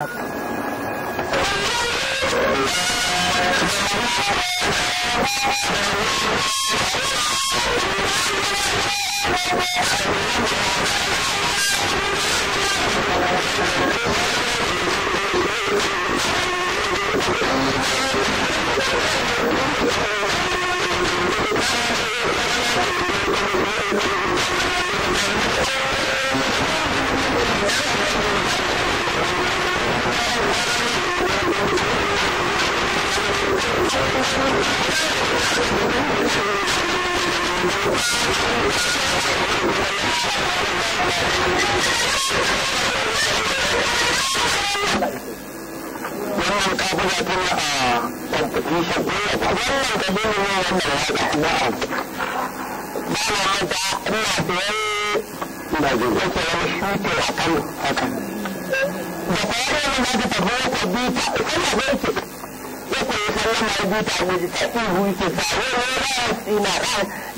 Thank wannan ka buga tun a competition ɗin wannan ka buga ne wannan waƙa na'am bana manta ina sayan da zuwa ke wani shuto a kan haka da kwanar da za ta tafi wata bita ita na zai ya kuwa sallama bita ne ta ihu ke sa wani ras ina ras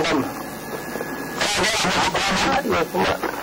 wannan. Ka ga abu da kuma